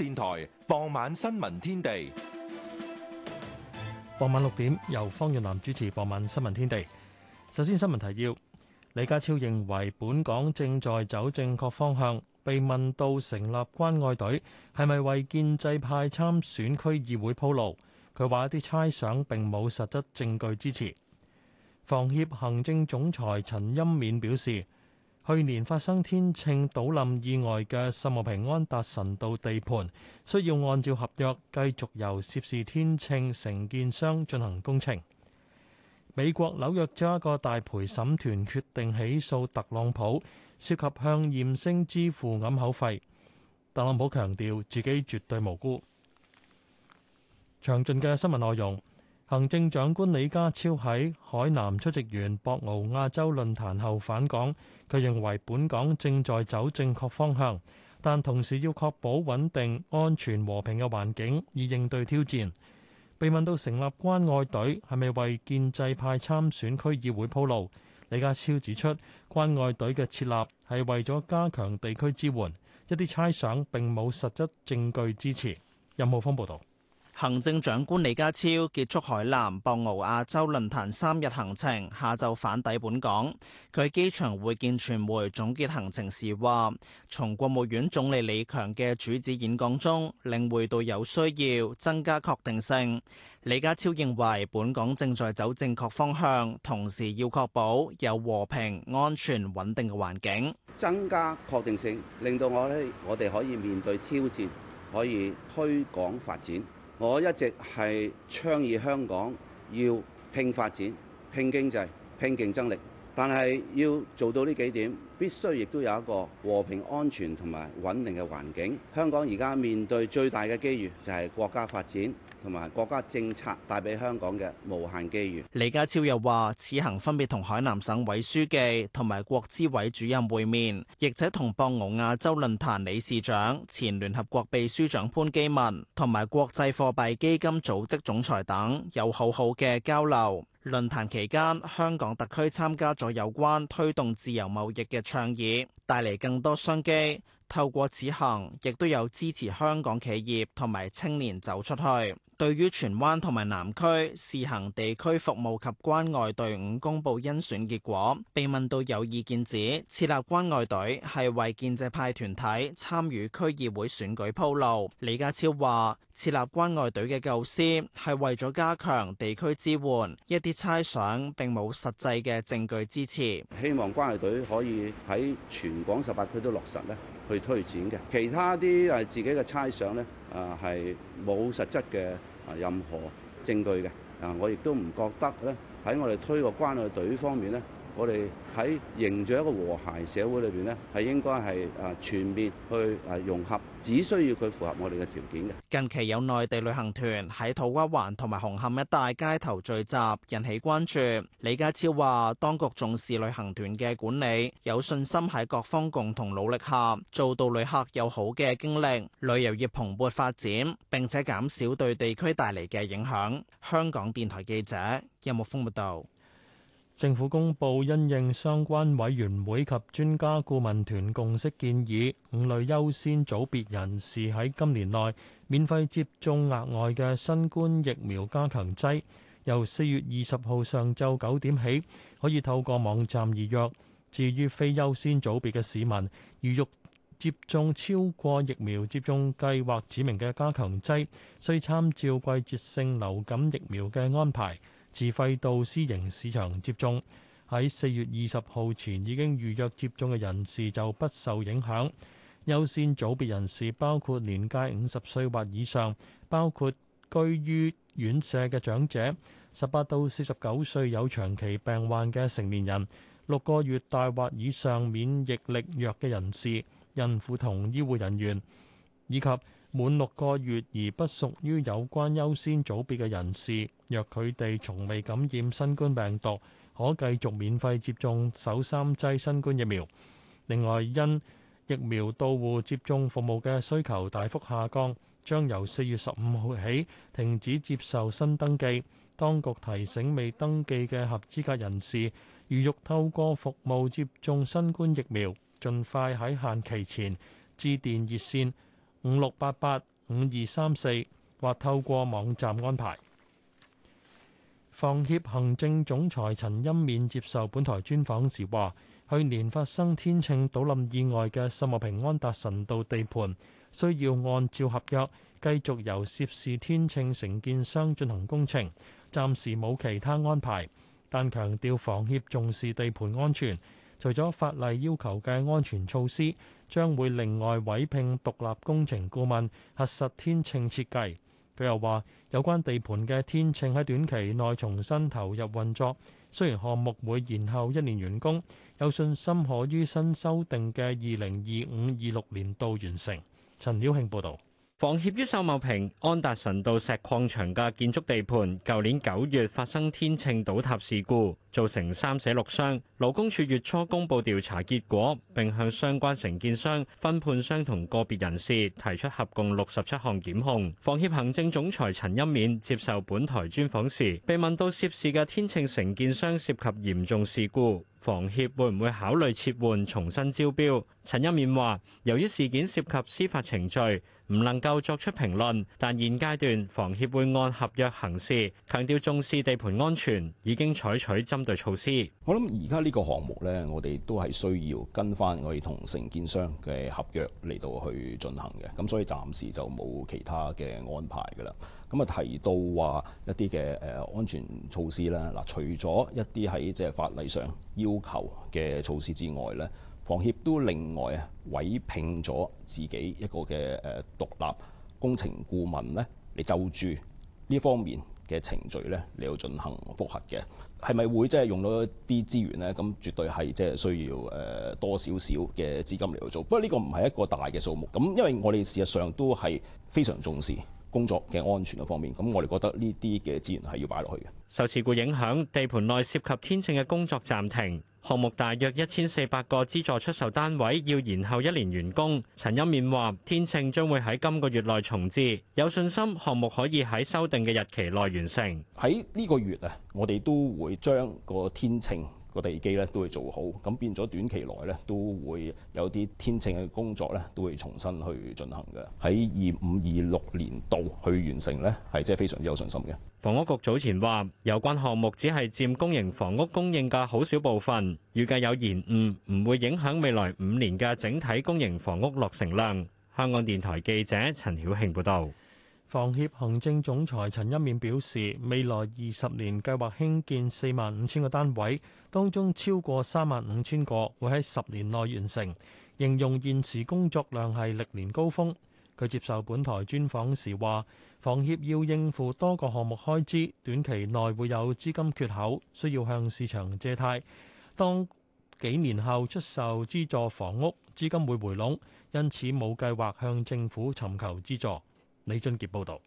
電臺傍晚新聞天地，傍晚六點由方遠南主持。傍晚新聞天地，首先新聞提要：李家超認為本港正在走正確方向。被問到成立關愛隊係咪為建制派參選區議會鋪路，佢話一啲猜想並冇實質證據支持。房協行政總裁陳欽勉表示：去年發生天秤倒冧意外嘅秀茂坪安達臣道地盤，需要按照合約繼續由涉事天秤承建商進行工程。美國紐約州一個大陪審團決定起訴特朗普，涉及向艷星支付掩口費。特朗普強調自己絕對無辜。詳盡嘅新聞內容。行政長官李家超喺海南出席完博鰲亞洲論壇後返港，佢認為本港正在走正確方向，但同時要確保穩定、安全、和平嘅環境以應對挑戰。被問到成立關愛隊係咪為建制派參選區議會鋪路，李家超指出，關愛隊嘅設立係為咗加強地區支援，一啲猜想並冇實質證據支持。任浩峰報道。行政長官李家超結束海南博鰲亞洲論壇三日行程，下晝返抵本港。佢喺機場會見傳媒，總結行程時話，從國務院總理李強嘅主旨演講中，領會到有需要增加確定性。李家超認為本港正在走正確方向，同時要確保有和平、安全、穩定嘅環境，增加確定性，令到我哋，我哋可以面對挑戰，可以推廣發展。我一直係倡議香港要拼發展、拼經濟、拼競爭力，但係要做到呢幾點，必須亦都有一個和平、安全同埋穩定嘅環境。香港而家面對最大嘅機遇就係國家發展。同埋國家政策帶俾香港嘅無限機遇。李家超又話：此行分別同海南省委書記同埋國資委主任會面，亦且同博鰲亞洲論壇理事長、前聯合國秘書長潘基文同埋國際貨幣基金組織總裁等有好好嘅交流。論壇期間，香港特區參加咗有關推動自由貿易嘅倡議，帶嚟更多商機。透過此行，亦都有支持香港企業同埋青年走出去。對於荃灣同埋南區試行地區服務及關外隊伍，公布甄選結果。被問到有意見指設立關外隊係為建制派團體參與區議會選舉鋪路，李家超話：設立關外隊嘅構思係為咗加強地區支援，一啲猜想並冇實際嘅證據支持。希望關外隊可以喺全港十八區都落實呢，去推展嘅。其他啲係自己嘅猜想呢，啊係冇實質嘅。任何證據嘅，啊，我亦都唔覺得咧，喺我哋推個關愛隊方面咧。我哋喺營造一個和諧社會裏邊咧，係應該，係啊全面去啊融合，只需要佢符合我哋嘅條件嘅。近期有內地旅行團喺土瓜灣同埋紅磡一帶街頭聚集，引起關注。李家超話當局重視旅行團嘅管理，有信心喺各方共同努力下，做到旅客有好嘅經歷，旅遊業蓬勃發展，並且減少對地區帶嚟嘅影響，香港電台記者任木豐報道。政府公布因應相關委員會及專家顧問團共識建議，五類優先組別人士喺今年內免費接種額外嘅新冠疫苗加強劑，由四月二十號上晝九點起可以透過網站預約，至於非優先組別嘅市民，如欲接種超過疫苗接種計劃指明嘅加強劑，需參照季節性流感疫苗嘅安排。自費到私營市場接種，喺四月二十號前已經預約接種嘅人士就不受影響。優先組別人士包括年屆五十歲或以上，包括居於院舍嘅長者，十八到四十九歲有長期病患嘅成年人，六個月大或以上免疫力弱嘅人士、孕婦同醫護人員，以及滿六個月而不屬於有關優先組別嘅人士，若佢哋從未感染新冠病毒，可繼續免費接種首三劑新冠疫苗。另外，因疫苗到戶接種服務嘅需求大幅下降，將由四月十五號起停止接受新登記。當局提醒未登記嘅合資格人士，如欲透過服務接種新冠疫苗，盡快喺限期前致電熱線。五六八八五二三四或透過網站安排。房協行政總裁陳欽勉接受本台專訪時話：去年發生天秤倒冧意外嘅森和平安達臣道地盤，需要按照合約繼續由涉事天秤承建商進行工程，暫時冇其他安排，但強調房協重視地盤安全。除咗法例要求嘅安全措施，將會另外委聘獨立工程顧問核實天秤設計，佢又話有關地盤嘅天秤喺短期內重新投入運作，雖然項目會延後一年完工，有信心可於新修訂嘅二零二五二六年度完成。陳曉慶報道。房協於秀茂坪安達臣道石礦場嘅建築地盤，舊年九月發生天秤倒塌事故，造成三死六傷。勞工處月初公布調查結果，並向相關承建商、分判商同個別人士提出合共六十七項檢控。房協行政總裁陳欣勉接受本台專訪時，被問到涉事嘅天秤承建商涉及嚴重事故。房協會唔會考慮撤換、重新招標？陳一綿話：由於事件涉及司法程序，唔能夠作出評論。但現階段房協會按合約行事，強調重視地盤安全，已經採取針對措施。我諗而家呢個項目呢，我哋都係需要跟翻我哋同承建商嘅合約嚟到去進行嘅，咁所以暫時就冇其他嘅安排㗎啦。咁啊提到話一啲嘅，誒安全措施啦，嗱，除咗一啲喺即係法例上要求嘅措施之外咧，房協都另外啊委聘咗自己一個嘅誒獨立工程顧問咧，嚟就住呢方面嘅程序咧你要進行複核嘅，係咪會即係用到一啲資源咧？咁絕對係即係需要誒多少少嘅資金嚟去做，不過呢個唔係一個大嘅數目，咁因為我哋事實上都係非常重視。工作嘅安全嘅方面，咁我哋覺得呢啲嘅資源係要擺落去嘅。受事故影響，地盤內涉及天秤嘅工作暫停，項目大約一千四百個資助出售單位要延後一年完工。陳欣勉話：天秤將會喺今個月內重置，有信心項目可以喺修訂嘅日期內完成。喺呢個月啊，我哋都會將個天秤，個地基咧都會做好，咁變咗短期內咧都會有啲天秤嘅工作咧都會重新去進行嘅，喺二五二六年度去完成咧，係即係非常之有信心嘅。房屋局早前話，有關項目只係佔公營房屋供應嘅好少部分，預計有延誤唔會影響未來五年嘅整體公營房屋落成量。香港電台記者陳曉慶報導。房協行政總裁陳一綿表示，未來二十年計劃興建四萬五千個單位，當中超過三萬五千個會喺十年內完成。形容現時工作量係歷年高峰。佢接受本台專訪時話：房協要應付多個項目開支，短期內會有資金缺口，需要向市場借貸。當幾年後出售資助房屋，資金會回籠，因此冇計劃向政府尋求資助。李俊杰報道，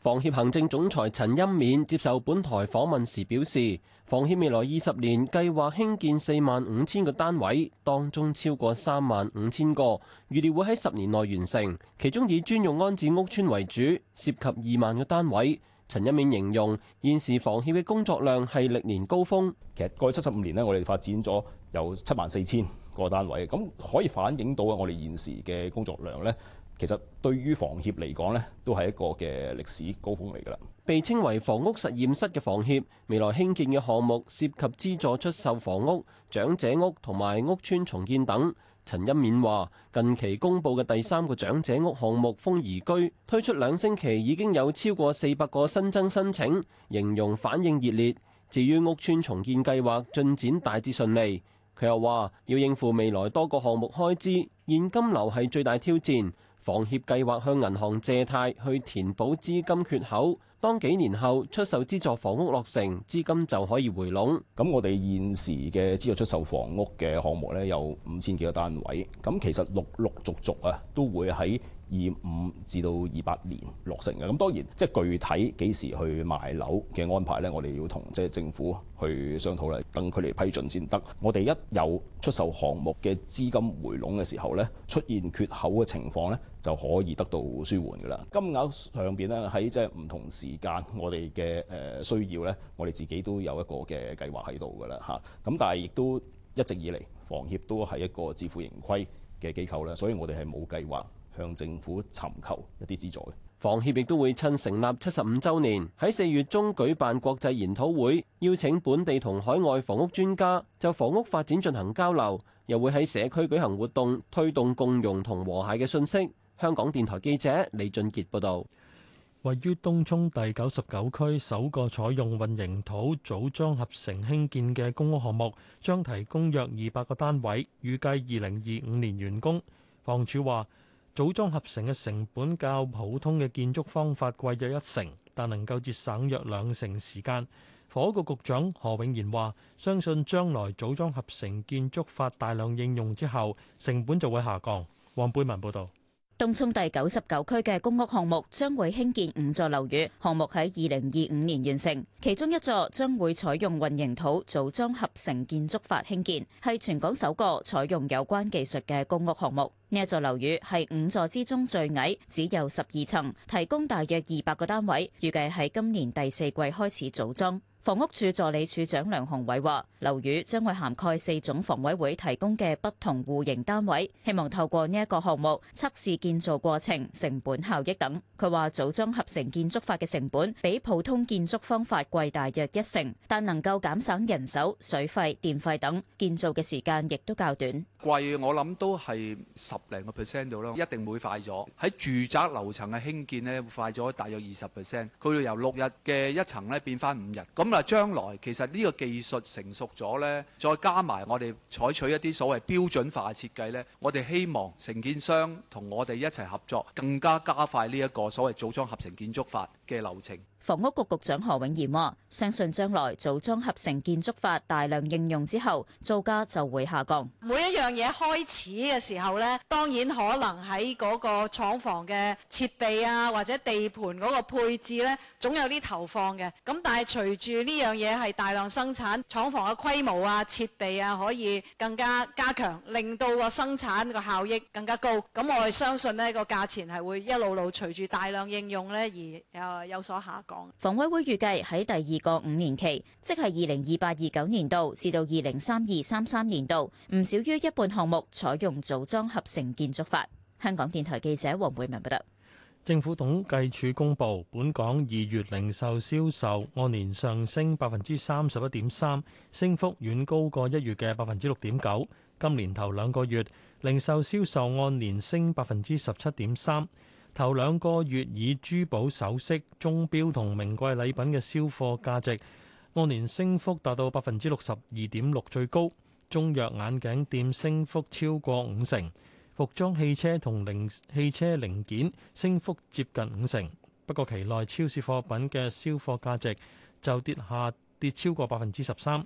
房協行政總裁陳欽勉接受本台訪問時表示，房協未來二十年計劃興建四萬五千個單位，當中超過三萬五千個預料會喺十年內完成，其中以專用安置屋邨為主，涉及二萬個單位。陳欽勉形容現時房協嘅工作量係歷年高峰。其實過去七十五年呢，我哋發展咗有七萬四千個單位，咁可以反映到我哋現時嘅工作量呢。其實對於房協嚟講呢，都係一個嘅歷史高峰嚟㗎啦。被稱為房屋實驗室嘅房協，未來興建嘅項目涉及資助出售房屋、長者屋同埋屋邨重建等。陳欣勉話：近期公佈嘅第三個長者屋項目豐頤居推出兩星期已經有超過四百個新增申請，形容反應熱烈。至於屋邨重建計劃進展大致順利，佢又話要應付未來多個項目開支，現金流係最大挑戰。房協計劃向銀行借貸去填補資金缺口，當幾年後出售資助房屋落成，資金就可以回籠。咁我哋現時嘅資助出售房屋嘅項目咧，有五千幾個單位，咁其實陸陸續續啊，都會喺。二五至到二八年落成嘅，咁當然即係具體幾時去賣樓嘅安排咧，我哋要同即係政府去商討啦，等佢哋批准先得。我哋一有出售項目嘅資金回籠嘅時候咧，出現缺口嘅情況咧，就可以得到舒緩㗎啦。金額上邊咧喺即係唔同時間，我哋嘅誒需要咧，我哋自己都有一個嘅計劃喺度㗎啦吓，咁但係亦都一直以嚟，房協都係一個自負盈虧嘅機構啦，所以我哋係冇計劃。向政府尋求一啲資助嘅房協亦都會趁成立七十五週年喺四月中舉辦國際研討會，邀請本地同海外房屋專家就房屋發展進行交流，又會喺社區舉行活動，推動共融同和，和諧嘅訊息。香港電台記者李俊傑報道，位於東涌第九十九區首個採用混凝土組裝合成興建嘅公屋項目，將提供約二百個單位，預計二零二五年完工。房署話。組裝合成嘅成本較普通嘅建築方法貴約一成，但能夠節省約兩成時間。房屋局局長何永賢話，相信將來組裝合成建築法大量應用之後，成本就會下降。黃貝文報導。東涌第九十九區嘅公屋項目將會興建五座樓宇，項目喺二零二五年完成，其中一座將會採用混凝土組裝合成建築法興建，係全港首個採用有關技術嘅公屋項目。呢一座樓宇係五座之中最矮，只有十二層，提供大約二百個單位，預計喺今年第四季開始組裝。房屋署助理署長梁雄偉話，樓宇將會涵蓋四種房委會提供嘅不同戶型單位，希望透過呢一個項目測試建造過程、成本效益等。佢話組裝合成建築法嘅成本比普通建築方法貴大約一成，但能夠減省人手、水費、電費等，建造嘅時間亦都較短。貴，我諗都係十零個 percent 到啦，一定會快咗。喺住宅樓層嘅興建呢，咧，會快咗大約二十 percent。佢由六日嘅一層咧變翻五日。咁啊，將來其實呢個技術成熟咗呢，再加埋我哋採取一啲所謂標準化設計呢，我哋希望承建商同我哋一齊合作，更加加快呢一個所謂組裝合成建築法嘅流程。房屋局局長何永賢相信將來組裝合成建築法大量應用之後，造價就會下降。每一樣嘢開始嘅時候咧，當然可能喺嗰個廠房嘅設備啊，或者地盤嗰個配置呢，總有啲投放嘅。咁但係隨住呢樣嘢係大量生產，廠房嘅規模啊、設備啊，可以更加加強，令到個生產個效益更加高。咁我哋相信呢，個價錢係會一路路隨住大量應用呢而誒有所下降。房委會預計喺第二個五年期，即係二零二八二九年度至到二零三二三三年度，唔少於一半項目採用組裝合成建築法。香港電台記者黃惠文報道。政府統計處公布，本港二月零售銷售按年上升百分之三十一點三，升幅遠高過一月嘅百分之六點九。今年頭兩個月零售銷售按年升百分之十七點三。頭兩個月以珠寶、首飾、鐘錶同名貴禮品嘅銷貨價值按年升幅達到百分之六十二點六最高，中藥眼鏡店升幅超過五成，服裝、汽車同零汽車零件升幅接近五成。不過，期內超市貨品嘅銷貨價值就跌下跌超過百分之十三。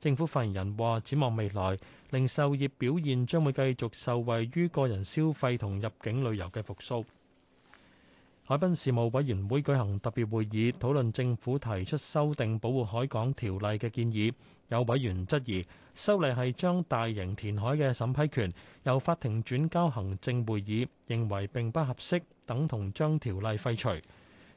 政府發言人話：展望未來，零售業表現將會繼續受惠於個人消費同入境旅遊嘅復甦。海濱事務委員會舉行特別會議，討論政府提出修訂保護海港條例嘅建議。有委員質疑修例係將大型填海嘅審批權由法庭轉交行政會議，認為並不合適，等同將條例廢除。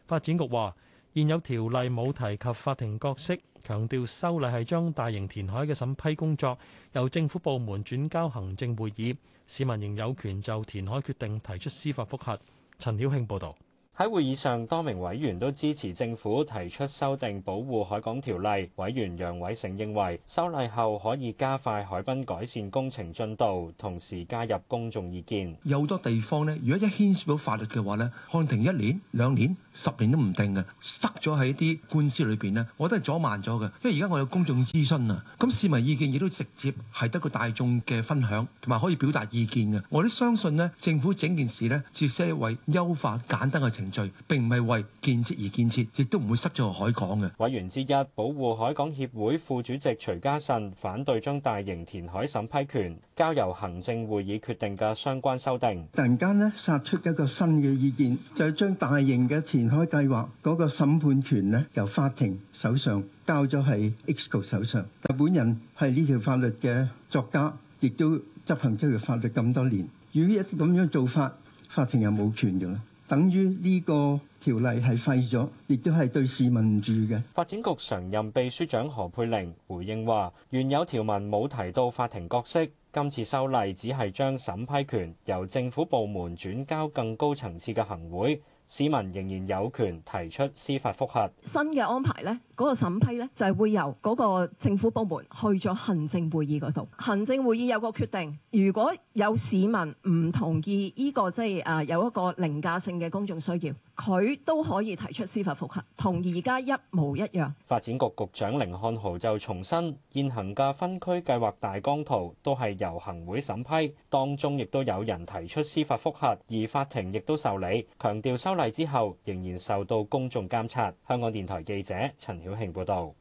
發展局話，現有條例冇提及法庭角色，強調修例係將大型填海嘅審批工作由政府部門轉交行政會議，市民仍有權就填海決定提出司法覆核。陳曉慶報道。喺會議上，多名委員都支持政府提出修訂保護海港條例。委員楊偉成認為，修例後可以加快海濱改善工程進度，同時加入公眾意見。有好多地方咧，如果一牽涉到法律嘅話咧，判停一年兩年，十年都唔定嘅，塞咗喺啲官司裏邊呢，我都係阻慢咗嘅。因為而家我有公眾諮詢啊，咁市民意見亦都直接係得個大眾嘅分享同埋可以表達意見嘅。我都相信呢政府整件事呢，咧，係為優化簡單嘅程序，並唔係為建設而建設，亦都唔會塞咗海港嘅。委員之一，保護海港協會副主席徐嘉慎反對將大型填海審批權。交由行政會議決定嘅相關修訂，突然間呢，殺出一個新嘅意見，就係將大型嘅填海計劃嗰個審判權呢，由法庭手上交咗喺 X 局手上。但本人係呢條法律嘅作家，亦都執行呢條法律咁多年。如果一咁樣做法，法庭又冇權嘅啦，等於呢個條例係廢咗，亦都係對市民唔住嘅。發展局常任秘書長何佩玲回應話：原有條文冇提到法庭角色。今次修例只係將審批權由政府部門轉交更高層次嘅行會。市民仍然有權提出司法覆核。新嘅安排咧，嗰個審批咧就係會由嗰個政府部門去咗行政會議嗰度。行政會議有個決定，如果有市民唔同意呢個即係誒有一個凌駕性嘅公眾需要，佢都可以提出司法覆核，同而家一模一樣。發展局局長甯漢豪就重申，現行嘅分區計劃大綱圖都係由行會審批，當中亦都有人提出司法覆核，而法庭亦都受理，強調收出嚟之後仍然受到公眾監察。香港電台記者陳曉慶報道。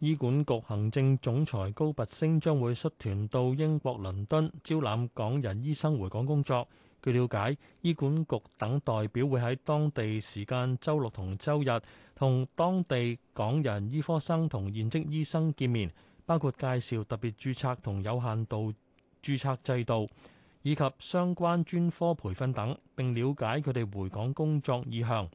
醫管局行政總裁高拔陞將會率團到英國倫敦招攬港人醫生回港工作。據了解，醫管局等代表會喺當地時間周六同周日同當地港人醫科生同現職醫生見面，包括介紹特別註冊同有限度註冊制度。以及相關專科培訓等，並了解佢哋回港工作意向。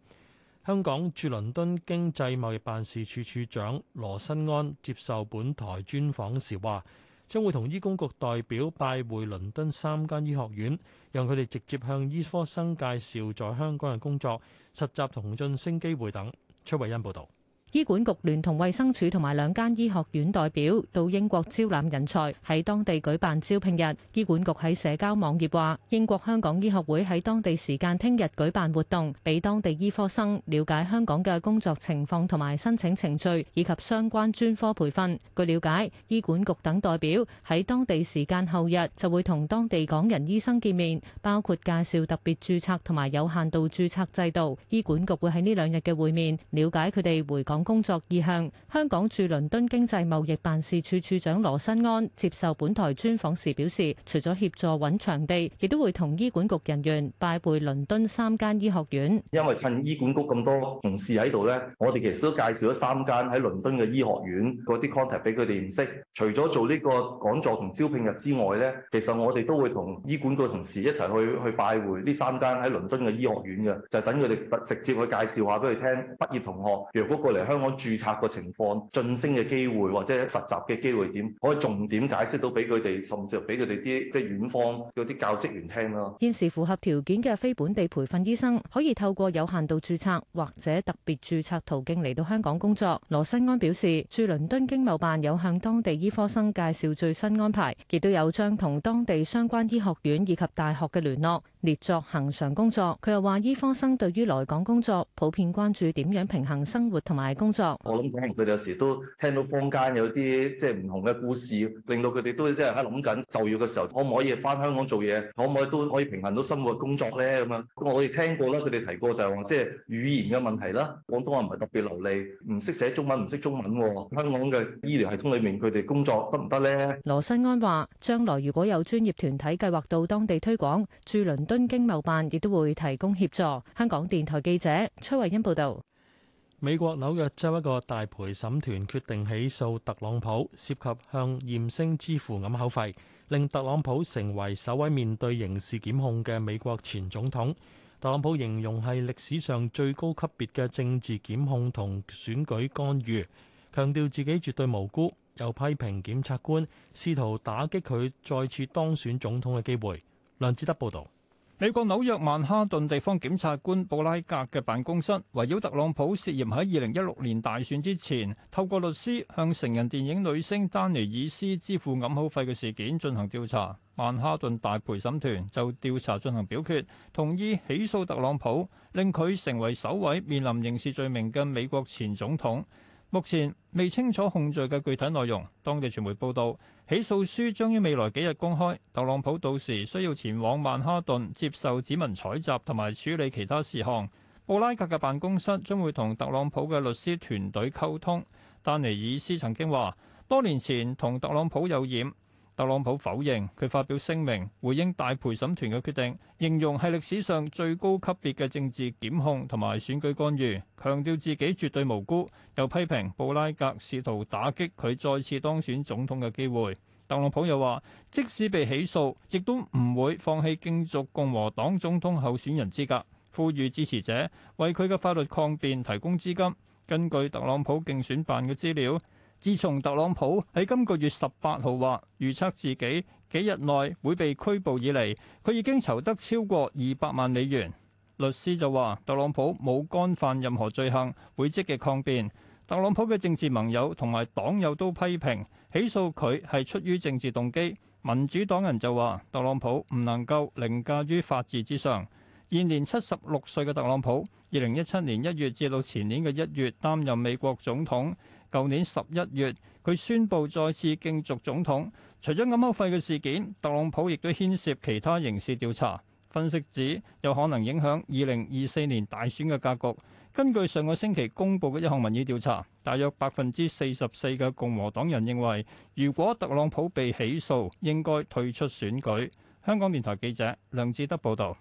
香港駐倫敦經濟貿易辦事處處長羅新安接受本台專訪時話，將會同醫工局代表拜會倫敦三間醫學院，讓佢哋直接向醫科生介紹在香港嘅工作、實習同晉升機會等。崔慧欣報導。醫管局聯同衛生署同埋兩間醫學院代表到英國招攬人才，喺當地舉辦招聘日。醫管局喺社交網頁話，英國香港醫學會喺當地時間聽日舉辦活動，俾當地醫科生了解香港嘅工作情況同埋申請程序，以及相關專科培訓。據了解，醫管局等代表喺當地時間後日就會同當地港人醫生見面，包括介紹特別註冊同埋有限度註冊制度。醫管局會喺呢兩日嘅會面，了解佢哋回港。工作意向，香港駐倫敦經濟貿易辦事處處長羅新安接受本台專訪時表示，除咗協助揾場地，亦都會同醫管局人員拜會倫敦三間醫學院。因為趁醫管局咁多同事喺度咧，我哋其實都介紹咗三間喺倫敦嘅醫學院嗰啲 contact 俾佢哋認識。除咗做呢個講座同招聘日之外咧，其實我哋都會同醫管局同事一齊去去拜會呢三間喺倫敦嘅醫學院嘅，就等佢哋直接去介紹下俾佢聽。畢業同學若果過嚟香港註冊嘅情況、晉升嘅機會或者實習嘅機會點，可以重點解釋到俾佢哋，甚至乎俾佢哋啲即係院方嗰啲教職員聽咯。現時符合條件嘅非本地培訓醫生，可以透過有限度註冊或者特別註冊途徑嚟到香港工作。羅新安表示，駐倫敦經貿辦有向當地醫科生介紹最新安排，亦都有將同當地相關醫學院以及大學嘅聯絡，列作恒常工作。佢又話：醫科生對於來港工作，普遍關注點樣平衡生活同埋工作。我諗可能佢哋有時都聽到坊間有啲即係唔同嘅故事，令到佢哋都即係喺諗緊就業嘅時候，可唔可以翻香港做嘢？可唔可以都可以平衡到生活工作咧？咁啊，我哋聽過啦，佢哋提過就係話即係語言嘅問題啦，廣東話唔係特別流利，唔識寫中文，唔識中文喎。香港嘅醫療系統裡面，佢哋工作得唔得咧？羅新安話：將來如果有專業團體計劃到當地推廣駐輪。敦經貿辦亦都會提供協助。香港電台記者崔慧欣報導。美國紐約州一個大陪審團決定起訴特朗普，涉及向艷星支付掩口費，令特朗普成為首位面對刑事檢控嘅美國前總統。特朗普形容係歷史上最高級別嘅政治檢控同選舉干預，強調自己絕對無辜，又批評檢察官試圖打擊佢再次當選總統嘅機會。梁志德報導。美國紐約曼哈頓地方檢察官布拉格嘅辦公室，圍繞特朗普涉嫌喺二零一六年大選之前，透過律師向成人電影女星丹尼爾斯支付掩口費嘅事件進行調查。曼哈頓大陪審團就調查進行表決，同意起訴特朗普，令佢成為首位面臨刑事罪名嘅美國前總統。目前未清楚控罪嘅具體內容。當地傳媒報道。起訴書將於未來幾日公開。特朗普到時需要前往曼哈頓接受指紋採集同埋處理其他事項。布拉格嘅辦公室將會同特朗普嘅律師團隊溝通。丹尼爾斯曾經話，多年前同特朗普有染。特朗普否認，佢發表聲明，回應大陪審團嘅決定，形容係歷史上最高級別嘅政治檢控同埋選舉干預，強調自己絕對無辜，又批評布拉格試圖打擊佢再次當選總統嘅機會。特朗普又話，即使被起訴，亦都唔會放棄競逐共和黨總統候選人資格，呼籲支持者為佢嘅法律抗辯提供資金。根據特朗普競選辦嘅資料。自從特朗普喺今個月十八號話預測自己幾日內會被拘捕以嚟，佢已經籌得超過二百萬美元。律師就話特朗普冇干犯任何罪行，會積極抗辯。特朗普嘅政治盟友同埋黨友都批評，起訴佢係出於政治動機。民主黨人就話特朗普唔能夠凌駕於法治之上。現年七十六歲嘅特朗普，二零一七年一月至到前年嘅一月擔任美國總統。舊年十一月，佢宣布再次競逐總統。除咗掩口費嘅事件，特朗普亦都牽涉其他刑事調查。分析指有可能影響二零二四年大選嘅格局。根據上個星期公布嘅一項民意調查，大約百分之四十四嘅共和黨人認為，如果特朗普被起訴，應該退出選舉。香港電台記者梁志德報道。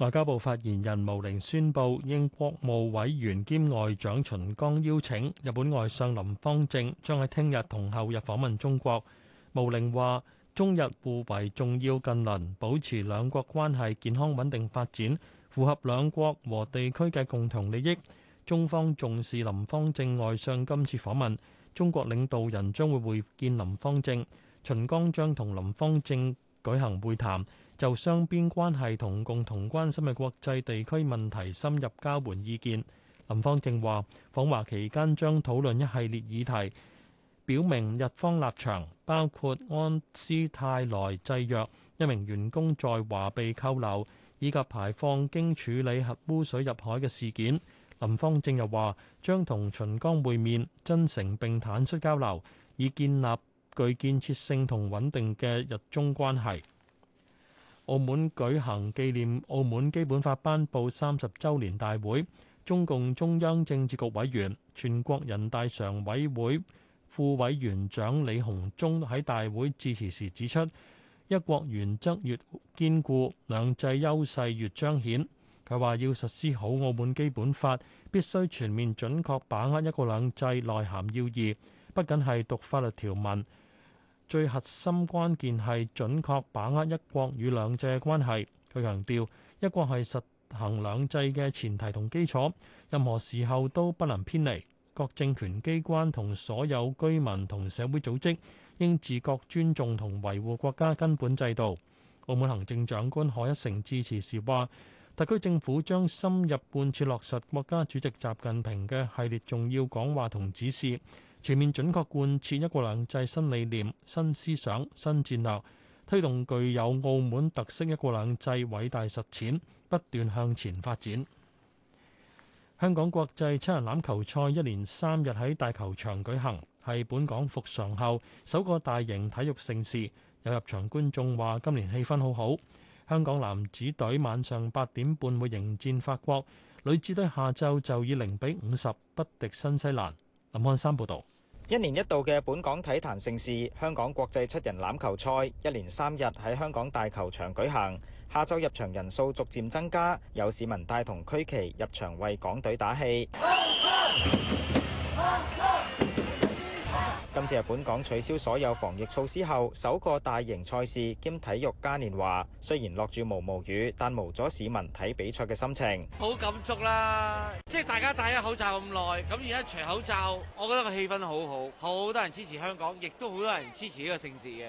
外交部發言人毛寧宣布，應國務委員兼外長秦剛邀請，日本外相林芳正將喺聽日同後日訪問中國。毛寧話：中日互為重要近鄰，保持兩國關係健康穩定發展，符合兩國和地區嘅共同利益。中方重視林芳正外相今次訪問，中國領導人將會會見林芳正，秦剛將同林芳正舉行會談。就雙邊關係同共同關心嘅國際地區問題深入交換意見，林芳正話訪華期間將討論一系列議題，表明日方立場，包括安斯泰來製約一名員工在華被扣留，以及排放經處理核污水入海嘅事件。林芳正又話將同秦剛會面，真誠並坦率交流，以建立具建設性同穩定嘅日中關係。澳門舉行紀念澳門基本法頒布三十周年大會，中共中央政治局委員、全國人大常委會副委員長李鴻忠喺大會致辭時指出：一國原則越堅固，兩制優勢越彰顯。佢話要實施好《澳門基本法》，必須全面準確把握一國兩制內涵要義，不僅係讀法律條文。最核心關鍵係準確把握一國與兩制嘅關係。佢強調，一國係實行兩制嘅前提同基礎，任何時候都不能偏離。各政權機關同所有居民同社會組織應自覺尊重同維護國家根本制度。澳門行政長官賀一誠致辭時話，特區政府將深入貫徹落實國家主席習近平嘅系列重要講話同指示。全面準確貫徹一國兩制新理念、新思想、新戰略，推動具有澳門特色一國兩制偉大實踐不斷向前發展。香港國際七人欖球賽一連三日喺大球場舉行，係本港復常後首個大型體育盛事。有入場觀眾話：今年氣氛好好。香港男子隊晚上八點半會迎戰法國，女子隊下晝就以零比五十不敵新西蘭。林漢山報道：一年一度嘅本港體壇盛事——香港國際七人欖球賽，一連三日喺香港大球場舉行。下晝入場人數逐漸增加，有市民帶同區旗入場為港隊打氣。 好感觸啦！即係，大家戴咗口罩咁耐，咁而家除口罩，我覺得個氣氛好好，好多人支持香港，亦都好多人支持呢個盛事嘅。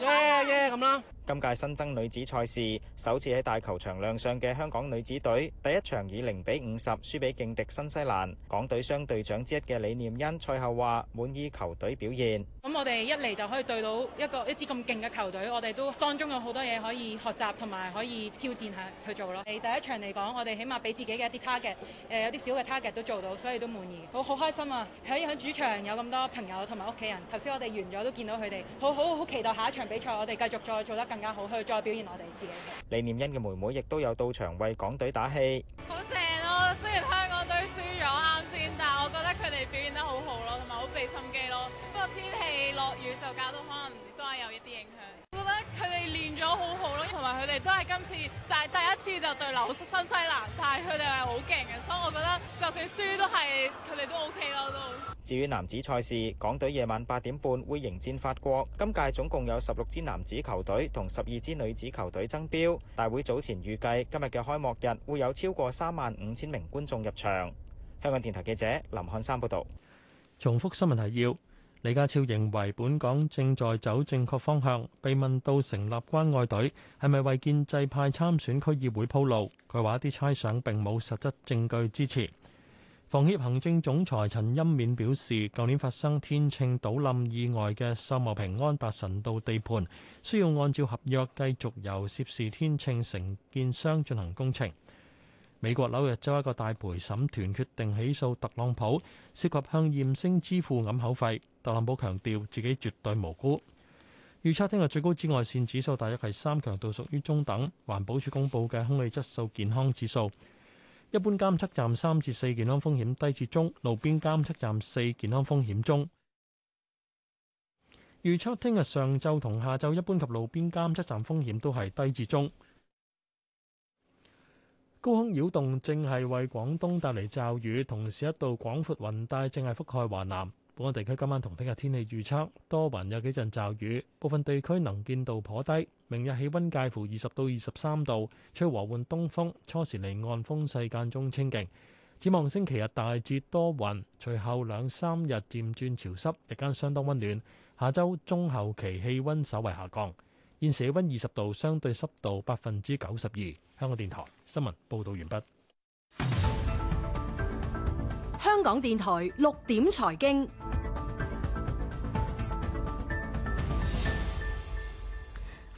耶耶咁啦。今屆新增女子賽事，首次喺大球場亮相嘅香港女子隊，第一場以零比五十輸畀勁敵新西蘭。港隊雙隊長之一嘅李念恩賽後話：滿意球隊表現。咁我哋一嚟就可以對到一個一支咁勁嘅球隊，我哋都當中有好多嘢可以學習同埋可以挑戰下去做咯。第一場嚟講，我哋起碼俾自己嘅一啲 target，誒有啲小嘅 target 都做到，所以都滿意。好好開心啊！可以響主場有咁多朋友同埋屋企人，頭先我哋完咗都見到佢哋，好好好期待下一場比賽，我哋繼續再做得更加好去再表現我哋自己嘅。李念恩嘅妹妹亦都有到場為港隊打氣。好正咯！雖然香港隊輸咗啱先，但係我覺得佢哋表現得好好咯，同埋好畀心機咯。不過天氣落雨就搞到可能都係有一啲影響。我覺得佢哋練咗好好咯，同埋佢哋都係今次第第一次就對流新西蘭，但係佢哋係好勁嘅，所以我覺得就算輸都係佢哋都 O K 啦都。至於男子賽事，港隊夜晚八點半會迎戰法國。今屆總共有十六支男子球隊同十二支女子球隊爭標。大會早前預計今日嘅開幕日會有超過三萬五千名觀眾入場。香港電台記者林漢山報道：「重複新聞提要。李家超認為本港正在走正確方向。被問到成立關愛隊係咪為建制派參選區議會鋪路，佢話一啲猜想並冇實質證據支持。房協行政總裁陳欽勉表示，舊年發生天秤倒冧意外嘅秀茂坪安達臣道地盤，需要按照合約繼續由涉事天秤承建商進行工程。美國紐約州一個大陪審團決定起訴特朗普，涉及向艷星支付掩口費。特朗普強調自己絕對無辜。預測聽日最高紫外線指數大約係三，強度屬於中等。環保署公佈嘅空氣質素健康指數，一般監測站三至四，健康風險低至中；路邊監測站四，健康風險中。預測聽日上晝同下晝一般及路邊監測站風險都係低至中。高空擾動正係為廣東帶嚟驟雨，同時一道廣闊雲帶正係覆蓋華南。本港地區今晚同聽日天氣預測，多雲，有幾陣驟雨，部分地區能見度頗低。明日氣温介乎二十到二十三度，吹和緩東風，初時離岸風勢間中清勁。展望星期日大致多雲，隨後兩三日漸轉潮濕，日間相當温暖。下周中後期氣温稍為下降。現時氣温二十度，相對濕度百分之九十二。香港電台新聞報導完畢。香港電台六點財經，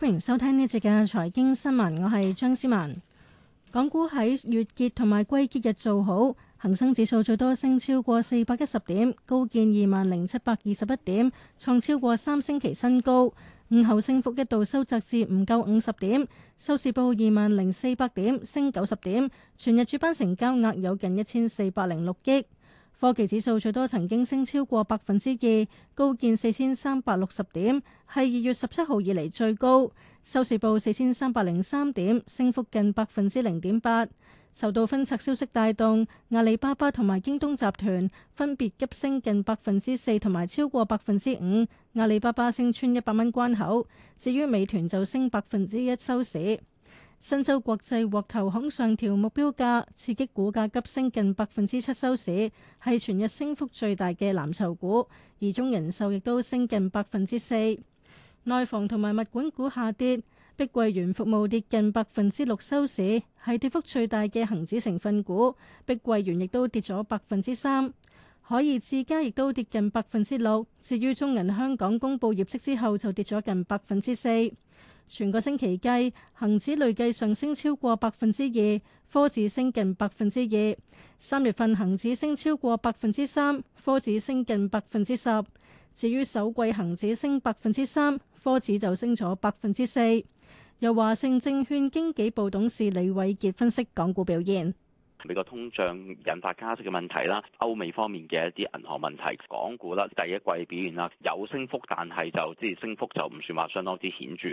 歡迎收聽呢節嘅財經新聞。我係張思文。港股喺月結同埋季結日做好，恒生指數最多升超過四百一十點，高見二萬零七百二十一點，創超過三星期新高。午後升幅一度收窄至唔夠五十點，收市報二萬零四百點，升九十點。全日主板成交額有近一千四百零六億。科技指數最多曾經升超過百分之二，高見四千三百六十點，係二月十七號以嚟最高，收市報四千三百零三點，升幅近百分之零點八。受到分拆消息帶動，阿里巴巴同埋京東集團分別急升近百分之四同埋超過百分之五。阿里巴巴升穿一百蚊關口，至於美團就升百分之一收市。新洲國際獲投行上調目標價，刺激股價急升近百分之七收市，係全日升幅最大嘅藍籌股。而中人壽亦都升近百分之四。內房同埋物管股下跌，碧桂園服務跌近百分之六收市，係跌幅最大嘅恒指成分股。碧桂園亦都跌咗百分之三。海爾智家亦都跌近百分之六。至於中銀香港公布業績之後，就跌咗近百分之四。全個星期計，恒指累計上升超過百分之二，科指升近百分之二。三月份恒指升超過百分之三，科指升近百分之十。至於首季恒指升百分之三，科指就升咗百分之四。由華盛證券經紀部董事李偉傑分析港股表現。美國通脹引發加息嘅問題啦，歐美方面嘅一啲銀行問題，港股啦第一季表現啦有升幅，但係就即係升幅就唔算話相當之顯著。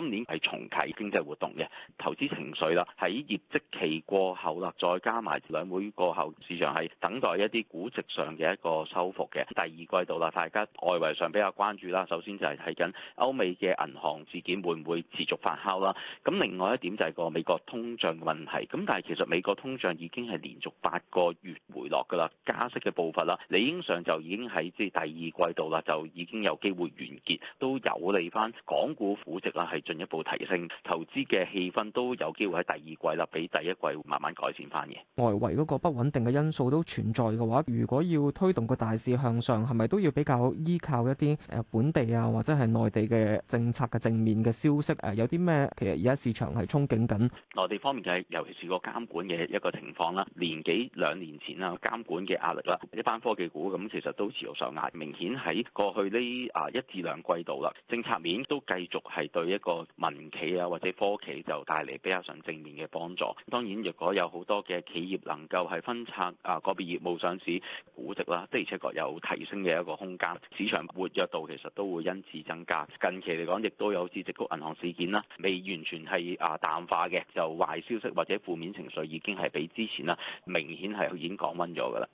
今年係重啟經濟活動嘅投資情緒啦，喺業績期過後啦，再加埋兩會過後，市場係等待一啲估值上嘅一個收復嘅第二季度啦。大家外圍上比較關注啦，首先就係睇緊歐美嘅銀行事件會唔會持續發酵啦。咁另外一點就係個美國通脹嘅問題。咁但係其實美國通脹，已經係連續八個月回落㗎啦，加息嘅步伐啦，理應上就已經喺即係第二季度啦，就已經有機會完結，都有利翻港股估值啦，係進一步提升，投資嘅氣氛都有機會喺第二季啦，比第一季慢慢改善翻嘅。外圍嗰個不穩定嘅因素都存在嘅話，如果要推動個大市向上，係咪都要比較依靠一啲誒本地啊，或者係內地嘅政策嘅正面嘅消息？誒有啲咩？其實而家市場係憧憬緊內地方面嘅，尤其是個監管嘅一個情況。況啦，年幾兩年前啦，監管嘅壓力啦，一班科技股咁，其實都持續受壓。明顯喺過去呢啊一至兩季度啦，政策面都繼續係對一個民企啊或者科企就帶嚟比較上正面嘅幫助。當然，如果有好多嘅企業能夠係分拆啊個別業務上市，估值啦，的而且確有提升嘅一個空間。市場活躍度其實都會因此增加。近期嚟講，亦都有資矽谷銀行事件啦，未完全係啊淡化嘅，就壞消息或者負面情緒已經係比之之前啦，明顯係已經降溫咗㗎喇。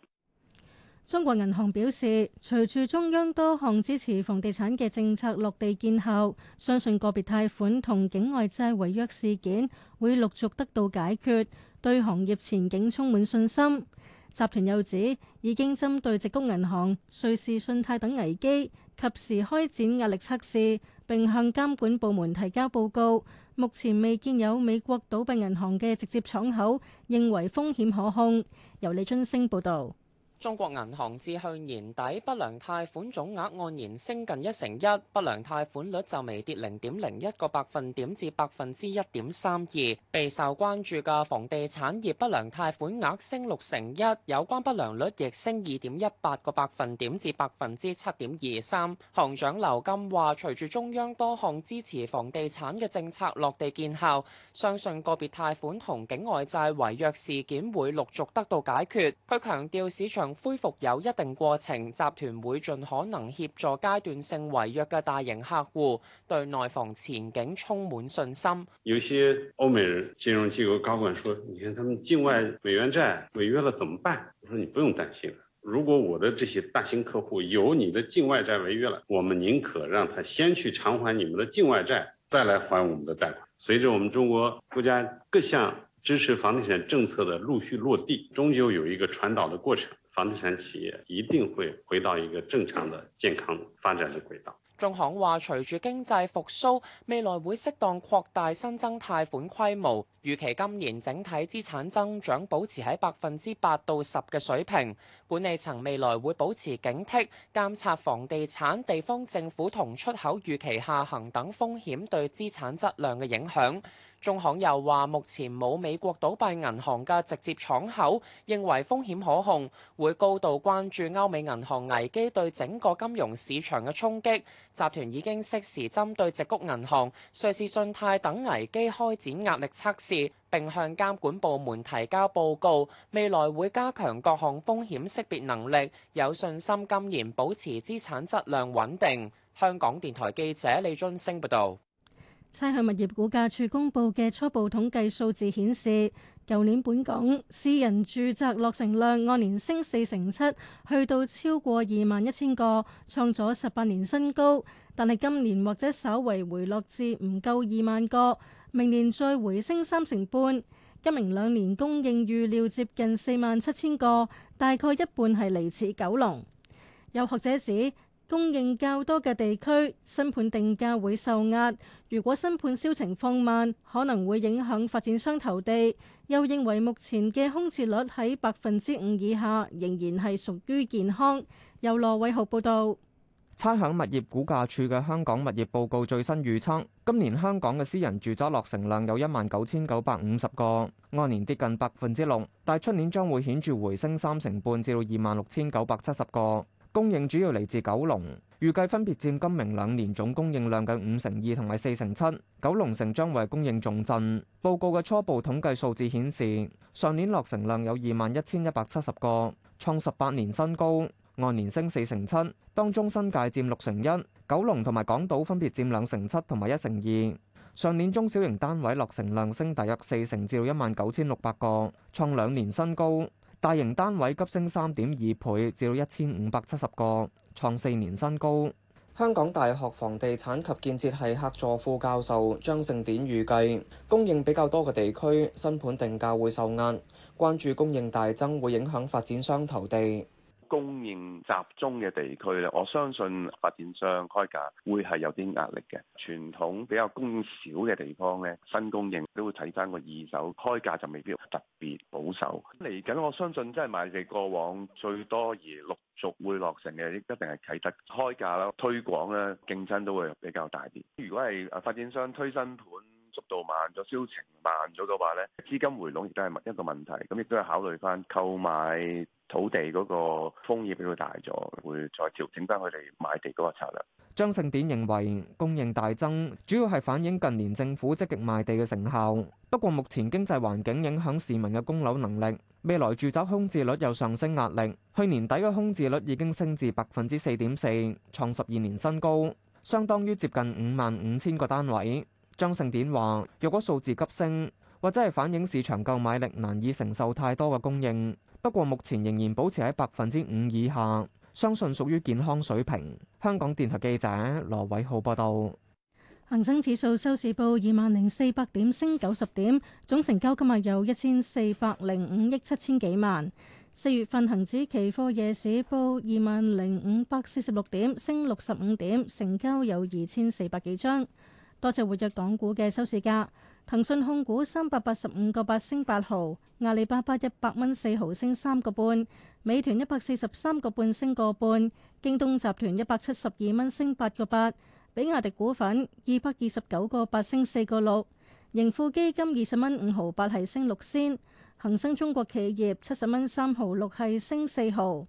中國銀行表示，隨住中央多項支持房地產嘅政策落地見效，相信個別貸款同境外債違約事件會陸續得到解決，對行業前景充滿信心。集團又指，已經針對矽谷銀行、瑞士信貸等危機，及時開展壓力測試，並向監管部門提交報告。目前未見有美國倒閉銀行嘅直接敞口，認為風險可控。由李津升報道。中國銀行至去年底不良貸款總額，額按年升近一成一，不良貸款率就微跌零點零一個百分點至百分之一點三二。備受關注嘅房地產業不良貸款額升六成一，有關不良率亦升二點一八個百分點至百分之七點二三。行長劉金話：隨住中央多項支持房地產嘅政策落地見效，相信個別貸款同境外債違約事件會陸續得到解決。佢強調市場恢復有一定過程，集團會盡可能協助階段性違約嘅大型客戶，對內房前景充滿信心。有些歐美人金融機構高管說：‘你看他們境外美元債違約了怎麼辦？’我說：‘你不用擔心，如果我的這些大型客戶有你的境外債違約了，我們寧可讓他先去償還你們的境外債，再來還我們的貸款。’隨着我們中國國家各項支持房地產政策的陸續落地，終究有一個傳導的過程。房地產企業一定會回到一個正常的、健康發展的軌道。中行話，隨住經濟復蘇，未來會適當擴大新增貸款規模，預期今年整體資產增長保持喺百分之八到十嘅水平。管理層未來會保持警惕，監察房地產、地方政府同出口預期下行等風險對資產質量嘅影響。中行又話，目前冇美國倒閉銀行嘅直接敞口，認為風險可控，會高度關注歐美銀行危機對整個金融市場嘅衝擊。集團已經適時針對矽谷銀行、瑞士信貸等危機開展壓力測試，並向監管部門提交報告。未來會加強各項風險識別能力，有信心今年保持資產質量穩定。香港電台記者李津升報道。差餉物業估價署公布嘅初步統計數字顯示，舊年本港私人住宅落成量按年升四成七，去到超過二萬一千個，創咗十八年新高。但係今年或者稍為回落至唔夠二萬個，明年再回升三成半。今明兩年供應預料接近四萬七千個，大概一半係嚟自九龍。有學者指，供應較多嘅地區，新盤定價會受壓。如果新盤銷情放慢，可能會影響發展商投地。又認為目前嘅空置率喺百分之五以下，仍然係屬於健康。由羅偉豪報導。差餉物業估價署嘅香港物業報告最新預測，今年香港嘅私人住宅落成量有一萬九千九百五十個，按年跌近百分之六，但係出年將會顯著回升三成半至到二萬六千九百七十個。供應主要嚟自九龍，預計分別佔今明兩年總供應量嘅五成二同埋四成七。九龍城將為供應重鎮。報告嘅初步統計數字顯示，上年落成量有二萬一千一百七十個，創十八年新高，按年升四成七。當中新界佔六成一，九龍同埋港島分別佔兩成七同埋一成二。上年中小型單位落成量升大約四成至到一萬九千六百個，創兩年新高。大型單位急升三點二倍，至到一千五百七十個，創四年新高。香港大學房地產及建設系客座副教授張盛典預計，供應比較多嘅地區，新盤定價會受壓，關注供應大增會影響發展商投地。供應集中嘅地區咧，我相信發展商開價會係有啲壓力嘅。傳統比較供應少嘅地方咧，新供應都會睇翻個二手開價，就未必特別保守。嚟緊，我相信真係賣地過往最多而陸續會落成嘅，一定係啟德開價啦。推廣咧，競爭都會比較大啲。如果係發展商推新盤，速度慢咗，銷情慢咗嘅話咧，資金回籠而家係問一個問題。咁亦都係考慮翻購買土地嗰個風險會大咗，會再調整翻佢哋買地嗰個策略。張勝典認為供應大增主要係反映近年政府積極賣地嘅成效。不過，目前經濟環境影響市民嘅供樓能力，未來住宅空置率有上升壓力。去年底嘅空置率已經升至百分之四點四，創十二年新高，相當於接近五萬五千個單位。張盛典話：若果數字急升，或者係反映市場購買力難以承受太多嘅供應。不過目前仍然保持喺百分之五以下，相信屬於健康水平。香港電台記者羅偉浩報道。恒生指數收市報二萬零四百點，升九十點，總成交今日有一千四百零五億七千幾萬。四月份恒指期貨夜市報二萬零五百四十六點，升六十五點，成交有二千四百幾張。多隻活躍港股嘅收市價。騰訊控股三百八十五個八升八毫，阿里巴巴一百蚊四毫升三個半，美團一百四十三個半升個半，京東集團一百七十二蚊升八個八，比亞迪股份二百二十九個八升四個六，盈富基金二十蚊五毫八係升六仙，恒生中國企業七十蚊三毫六係升四毫，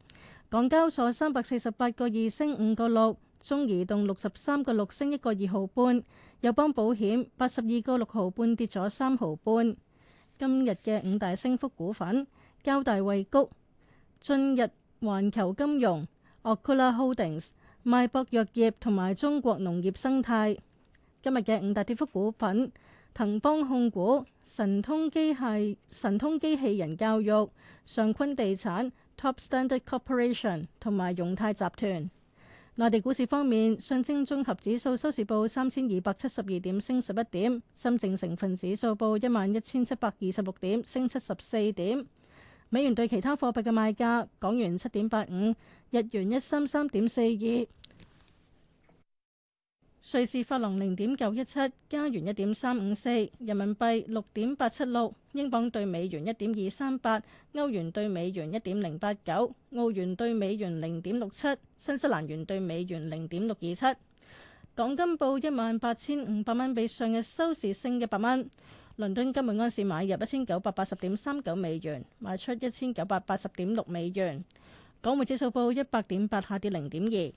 港交所三百四十八個二升五個六，中移動六十三個六升一個二毫半。友邦保險八十二個六毫半跌咗三毫半。今日嘅五大升幅股份：交大惠谷、進日環球金融、Aquila Holdings、麥博藥業同埋中國農業生態。今日嘅五大跌幅股份：騰邦控股、神通機械、神通機器人教育、上坤地產、Top Standard Corporation 同埋融泰集團。內地股市方面，上證綜合指數收市報三千二百七十二點，升十一點，深證成分指數報一萬一千七百二十六點，升七十四點。美元對其他貨幣嘅賣價，港元七點八五，日元一三三點四二。瑞士法郎零點九一七，加元一點三五四，人民幣六點八七六，英鎊對美元一點二三八，歐元對美元一點零八九，澳元對美元零點六七，新西蘭元對美元零點六二七。港金報一萬八千五百蚊，比上日收市升一百蚊。倫敦金每安士買入一千九百八十點三九美元，賣出一千九百八十點六美元。港匯指數報一百點八，下跌零點二。